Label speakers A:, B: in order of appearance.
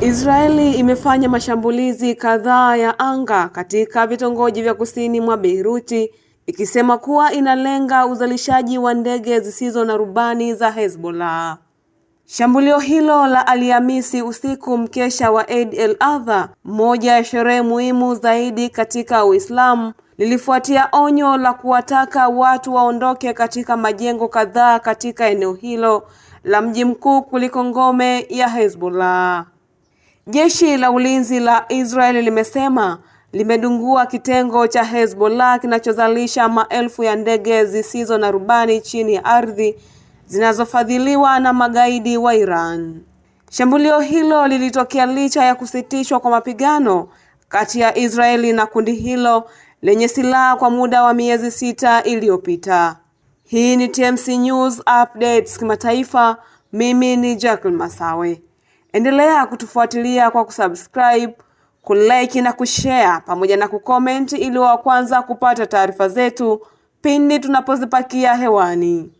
A: Israeli imefanya mashambulizi kadhaa ya anga katika vitongoji vya kusini mwa Beiruti ikisema kuwa inalenga uzalishaji wa ndege zisizo na rubani za Hezbollah. Shambulio hilo la Alhamisi usiku mkesha wa Eid el-Adha, moja ya sherehe muhimu zaidi katika Uislamu, lilifuatia onyo la kuwataka watu waondoke katika majengo kadhaa katika eneo hilo la mji mkuu kuliko ngome ya Hezbollah. Jeshi la ulinzi la Israeli limesema limedungua kitengo cha Hezbollah kinachozalisha maelfu ya ndege zisizo na rubani chini ya ardhi zinazofadhiliwa na magaidi wa Iran. Shambulio hilo lilitokea licha ya kusitishwa kwa mapigano kati ya Israeli na kundi hilo lenye silaha kwa muda wa miezi sita iliyopita. Hii ni TMC News Updates kimataifa. Mimi ni Jacqueline Masawe. Endelea kutufuatilia kwa kusubscribe, kulike na kushare pamoja na kukomenti ili wa kwanza kupata taarifa zetu pindi tunapozipakia hewani.